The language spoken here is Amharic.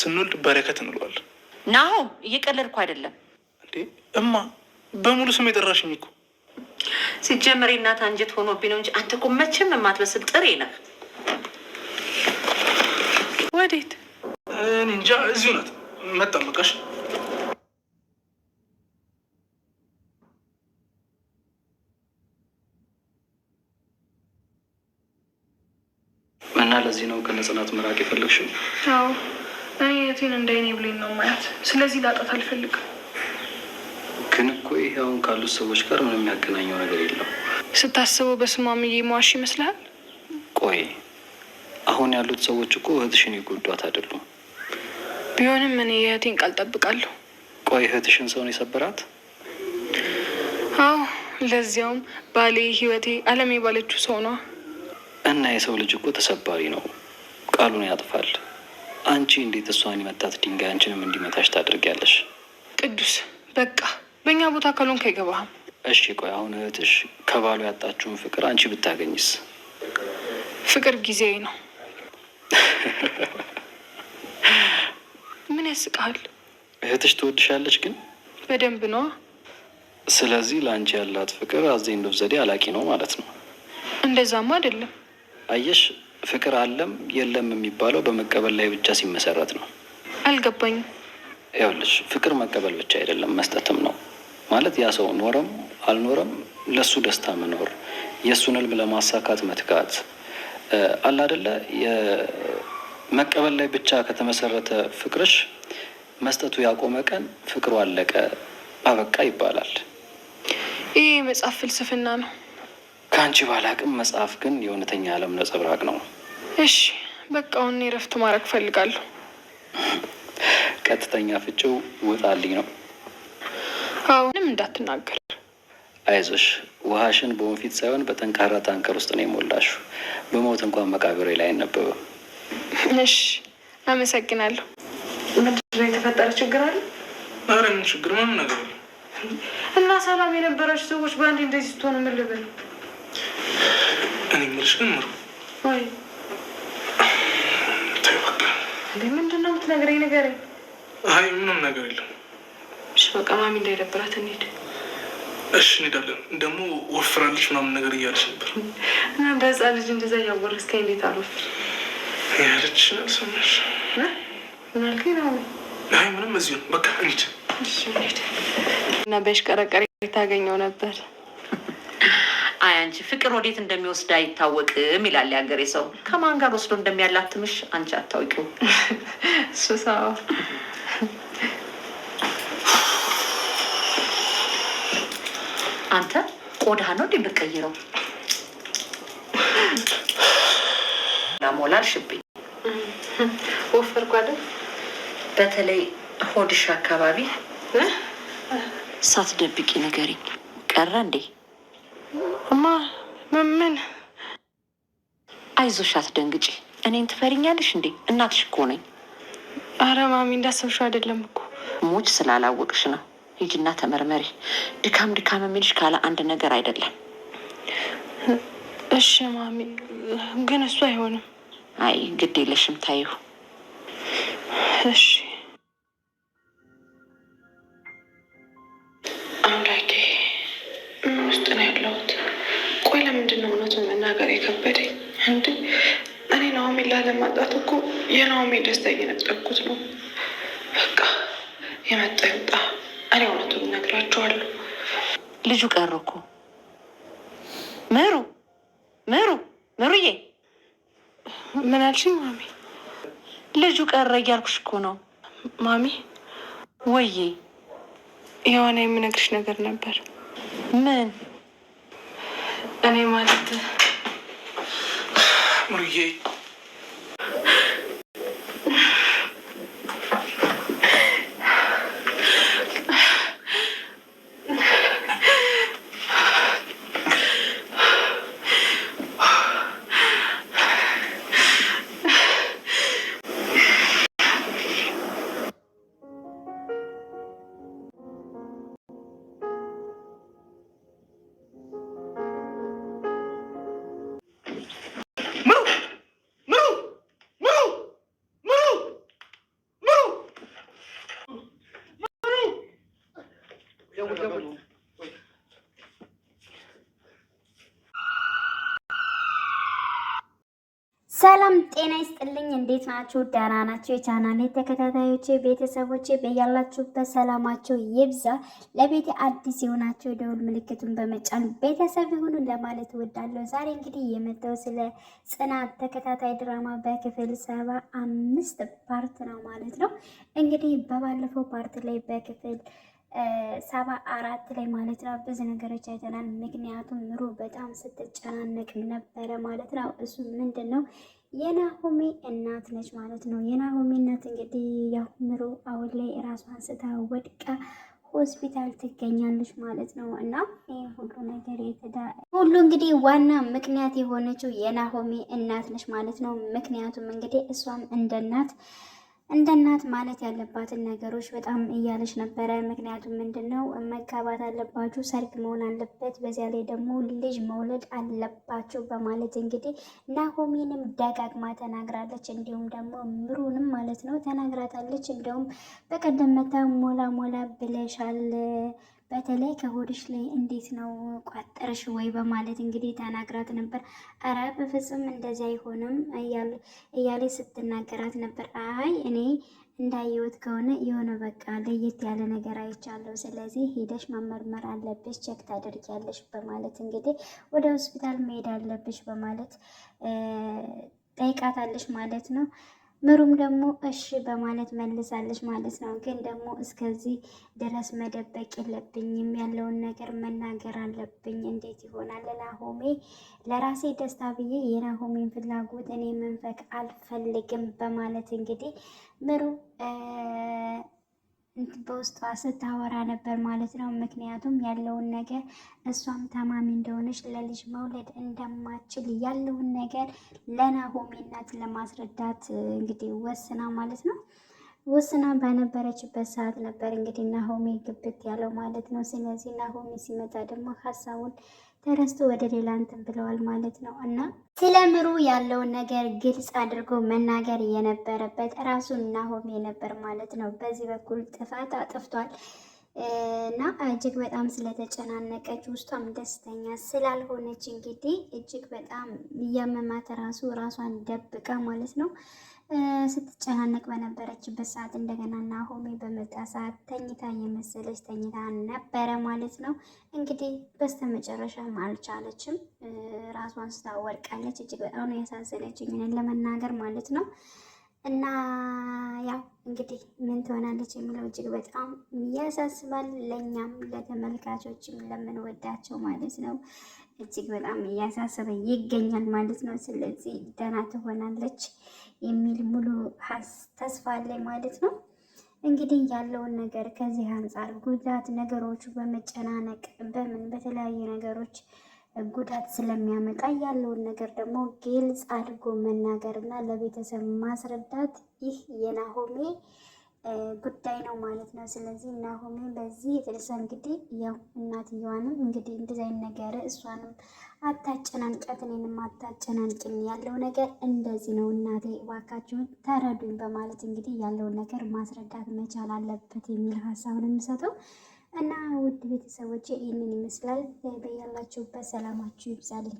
ስንወልድ በረከት እንለዋለን። ናሆ እየቀለድኩ አይደለም እንዴ እማ፣ በሙሉ ስም የጠራሽኝ እኮ ሲጀመር እናት አንጀት ሆኖብኝ ነው እንጂ አንተ እኮ መቼም የማትመስል ጥሬ ነህ። ወዴት? እኔ እንጃ። እዚሁ ናት። መጠመቀሽ እና ለዚህ ነው ከነጽናት መራቅ የፈለግሽው? አዎ እኔ እህቴን እንደ እኔ ብሌን ነው ማያት። ስለዚህ ላጣት አልፈልግም። ግን እኮ ይሄ አሁን ካሉት ሰዎች ጋር ምንም የሚያገናኘው ነገር የለም። ስታስበው በስማምዬ መዋሽ ይመስላል። ቆይ አሁን ያሉት ሰዎች እኮ እህትሽን ይጎዷት አይደሉም። ቢሆንም እኔ የእህቴን ቃል ጠብቃለሁ። ቆይ እህትሽን ሰውን የሰበራት? አዎ፣ ለዚያውም ባሌ፣ ህይወቴ፣ አለም የባለችው ሰው ነዋ። እና የሰው ልጅ እኮ ተሰባሪ ነው፣ ቃሉን ያጥፋል። አንቺ እንዴት እሷን የመታት ድንጋይ አንቺንም እንዲመታሽ ታደርጊያለሽ? ቅዱስ በቃ በእኛ ቦታ ከሎን አይገባህም። እሺ ቆይ አሁን እህትሽ ከባሉ ያጣችውን ፍቅር አንቺ ብታገኝስ? ፍቅር ጊዜያዊ ነው። ምን ያስቃል? እህትሽ ትወድሻለች ግን በደንብ ነዋ። ስለዚህ ለአንቺ ያላት ፍቅር አዜንዶ ዘዴ አላቂ ነው ማለት ነው። እንደዛማ አይደለም አየሽ ፍቅር አለም የለም የሚባለው በመቀበል ላይ ብቻ ሲመሰረት ነው። አልገባኝም። ይኸውልሽ ፍቅር መቀበል ብቻ አይደለም መስጠትም ነው። ማለት ያ ሰው ኖረም አልኖረም ለሱ ደስታ መኖር፣ የእሱን ህልም ለማሳካት መትጋት አለ አደለ። መቀበል ላይ ብቻ ከተመሰረተ ፍቅርሽ መስጠቱ ያቆመ ቀን ፍቅሩ አለቀ አበቃ ይባላል። ይህ መጽሐፍ ፍልስፍና ነው። ከአንቺ ባላቅም መጽሐፍ ግን የእውነተኛ ዓለም ነጸብራቅ ነው። እሺ በቃ አሁን እረፍት ማድረግ ፈልጋለሁ። ቀጥተኛ ፍቺው ውጣልኝ ነው። አሁንም እንዳትናገር። አይዞሽ፣ ውሃሽን በወንፊት ሳይሆን በጠንካራ ታንከር ውስጥ ነው የሞላሹ። በሞት እንኳን መቃብሬ ላይ አይነበብም። እሺ፣ አመሰግናለሁ። ምድር የተፈጠረ ችግር አለ? ኧረ ምን ችግር ምንም ነገር እና ሰላም የነበራችሁ ሰዎች በአንድ እንደዚህ ስትሆኑ ምን ልበል? እኔ የምልሽ ግን ምሩ እንዴ ምንድን ነው የምትነግረኝ? ንገረኝ። አይ ምንም ነገር የለም። እሺ በቃ ማሚ እንዳይደብራት እንሂድ። እሺ እንሄዳለን። ደግሞ ወፍራለች ምናምን ነገር እያለች ነበር እና እንደ ሕፃን ልጅ እንደዛ እያወረስከኝ እንዴት አልወፍር ያለች አልሰማሽ? ምን ነው አይ ምንም እዚሁ ነው። በቃ እንሂድ እና በሽቀረቀሪ ታገኘው ነበር አይ አንቺ ፍቅር ወዴት እንደሚወስድ አይታወቅም ይላል የሀገሬ ሰው። ከማን ጋር ወስዶ እንደሚያላትምሽ አንቺ አታውቂው። ሱሳ አንተ ቆዳ ነው እንዲ የምትቀይረው ላሞላል ሽብኝ ወፈር አይደል? በተለይ ሆድሽ አካባቢ ሳትደብቂ ነገሪ ቀረ እንዴ? እማ ምን? አይዞሽ አትደንግጪ። እኔን ትፈሪኛለሽ እንዴ? እናትሽ እኮ ነኝ። አረ ማሚ እንዳሰብሽው አይደለም እኮ ሞች ስላላወቅሽ ነው። ሂጂና ተመርመሪ። ድካም ድካም የሚልሽ ካለ አንድ ነገር አይደለም። እሺ ማሚ፣ ግን እሱ አይሆንም። አይ ግድ የለሽም ታይሁ። እሺ ምንድን ነው እውነቱን መናገር የከበደኝ እንድ እኔ ላ ላለማጣት እኮ የናኦሚ ደስታ እየነጠርኩት ነው። በቃ የመጣ ይምጣ። እኔ እውነቱን እነግራችኋለሁ። ልጁ ቀረ እኮ ምሩ፣ ምሩ፣ ምሩዬ ምን አልሽኝ ማሚ? ልጁ ቀረ እያልኩሽ እኮ ነው ማሚ። ወይዬ የሆነ የምነግርሽ ነገር ነበር። ምን እኔ ማለት ሙሉዬ ሰላም ጤና ይስጥልኝ። እንዴት ናችሁ? ደህና ናችሁ? የቻናሌ ተከታታዮች ቤተሰቦች በያላችሁበት ሰላማቸው ይብዛ። ለቤት አዲስ የሆናቸው የደውል ምልክቱን በመጫን ቤተሰብ ይሁኑ ለማለት እወዳለሁ። ዛሬ እንግዲህ የመጣው ስለ ጽናት ተከታታይ ድራማ በክፍል ሰባ አምስት ፓርት ነው ማለት ነው። እንግዲህ በባለፈው ፓርት ላይ በክፍል ሰባ አራት ላይ ማለት ነው። ብዙ ነገሮች አይተናል። ምክንያቱም ምሩ በጣም ስትጨናነቅ ነበረ ማለት ነው። እሱ ምንድን ነው የናሆሜ እናት ነች ማለት ነው። የናሆሜ እናት እንግዲህ ያው ምሩ አሁን ላይ ራሷን ስታ ወድቃ ሆስፒታል ትገኛለች ማለት ነው። እና ይህ ሁሉ ነገር የተዳ ሁሉ እንግዲህ ዋና ምክንያት የሆነችው የናሆሜ እናት ነች ማለት ነው። ምክንያቱም እንግዲህ እሷም እንደ እናት እንደ እናት ማለት ያለባትን ነገሮች በጣም እያለች ነበረ። ምክንያቱም ምንድን ነው መጋባት አለባችሁ፣ ሰርግ መሆን አለበት፣ በዚያ ላይ ደግሞ ልጅ መውለድ አለባችሁ በማለት እንግዲህ ናሆሚንም ደጋግማ ተናግራለች። እንዲሁም ደግሞ ምሩንም ማለት ነው ተናግራታለች። እንደውም በቀደም መታ ሞላ ሞላ ብለሻል በተለይ ከሆድሽ ላይ እንዴት ነው ቋጠረሽ ወይ በማለት እንግዲህ ተናግራት ነበር። ኧረ በፍጹም እንደዚያ አይሆንም እያለች ስትናገራት ነበር። አይ እኔ እንዳየሁት ከሆነ የሆነ በቃ ለየት ያለ ነገር አይቻለሁ። ስለዚህ ሄደሽ መመርመር አለብሽ፣ ቼክ ታደርጊያለሽ በማለት እንግዲህ ወደ ሆስፒታል መሄድ አለብሽ በማለት ጠይቃታለሽ ማለት ነው። ምሩም ደግሞ እሺ በማለት መልሳለች ማለት ነው። ግን ደግሞ እስከዚህ ድረስ መደበቅ የለብኝም ያለውን ነገር መናገር አለብኝ። እንዴት ይሆናል? ለናሆሜ ለራሴ ደስታ ብዬ የናሆሜን ፍላጎት እኔ መንፈቅ አልፈልግም በማለት እንግዲህ ምሩ በውስጧ ስታወራ ነበር ማለት ነው። ምክንያቱም ያለውን ነገር እሷም ታማሚ እንደሆነች ለልጅ መውለድ እንደማችል ያለውን ነገር ለናሆሜ እናት ለማስረዳት እንግዲህ ወስና ማለት ነው ወስና በነበረችበት ሰዓት ነበር እንግዲህ ናሆሜ ግብት ያለው ማለት ነው። ስለዚህ ናሆሜ ሲመጣ ደግሞ ሀሳቡን ተረስቶ ወደ ሌላ እንትን ብለዋል ማለት ነው እና ስለ ምሩ ያለውን ነገር ግልጽ አድርጎ መናገር የነበረበት ራሱ ናሆሜ ነበር ማለት ነው። በዚህ በኩል ጥፋት አጥፍቷል እና እጅግ በጣም ስለተጨናነቀች ውስጧም ደስተኛ ስላልሆነች እንግዲህ እጅግ በጣም እያመማት ራሱ ራሷን ደብቃ ማለት ነው ስትጨናነቅ በነበረችበት ሰዓት እንደገና ናሆሜ በመጣ ሰዓት ተኝታ የመሰለች ተኝታ ነበረ ማለት ነው። እንግዲህ በስተመጨረሻም አልቻለችም፣ ራሷን ስታወርቃለች። እጅግ በጣም ነው ያሳዘነችኝ ለመናገር ማለት ነው። እና ያው እንግዲህ ምን ትሆናለች የሚለው እጅግ በጣም ያሳስባል። ለእኛም ለተመልካቾችም ለምንወዳቸው ማለት ነው እጅግ በጣም እያሳሰበ ይገኛል ማለት ነው። ስለዚህ ደህና ትሆናለች የሚል ሙሉ ተስፋ አለ ማለት ነው። እንግዲህ ያለውን ነገር ከዚህ አንጻር ጉዳት ነገሮቹ በመጨናነቅ በምን በተለያዩ ነገሮች ጉዳት ስለሚያመጣ ያለውን ነገር ደግሞ ግልጽ አድርጎ መናገር እና ለቤተሰብ ማስረዳት ይህ የናሆሜ ጉዳይ ነው ማለት ነው። ስለዚህ ናሆሜ በዚህ የተነሳ እንግዲህ ያው እናትየዋንም እንግዲህ እንደዚያ ነገር እሷንም አታጨናንቀት፣ እኔንም አታጨናንቅኝ፣ ያለው ነገር እንደዚህ ነው እናቴ እባካችሁን ተረዱኝ በማለት እንግዲህ ያለውን ነገር ማስረዳት መቻል አለበት የሚል ሀሳብ ነው የምሰጠው። እና ውድ ቤተሰቦች ይህንን ይመስላል። በያላችሁበት ሰላማችሁ ይብዛልኝ።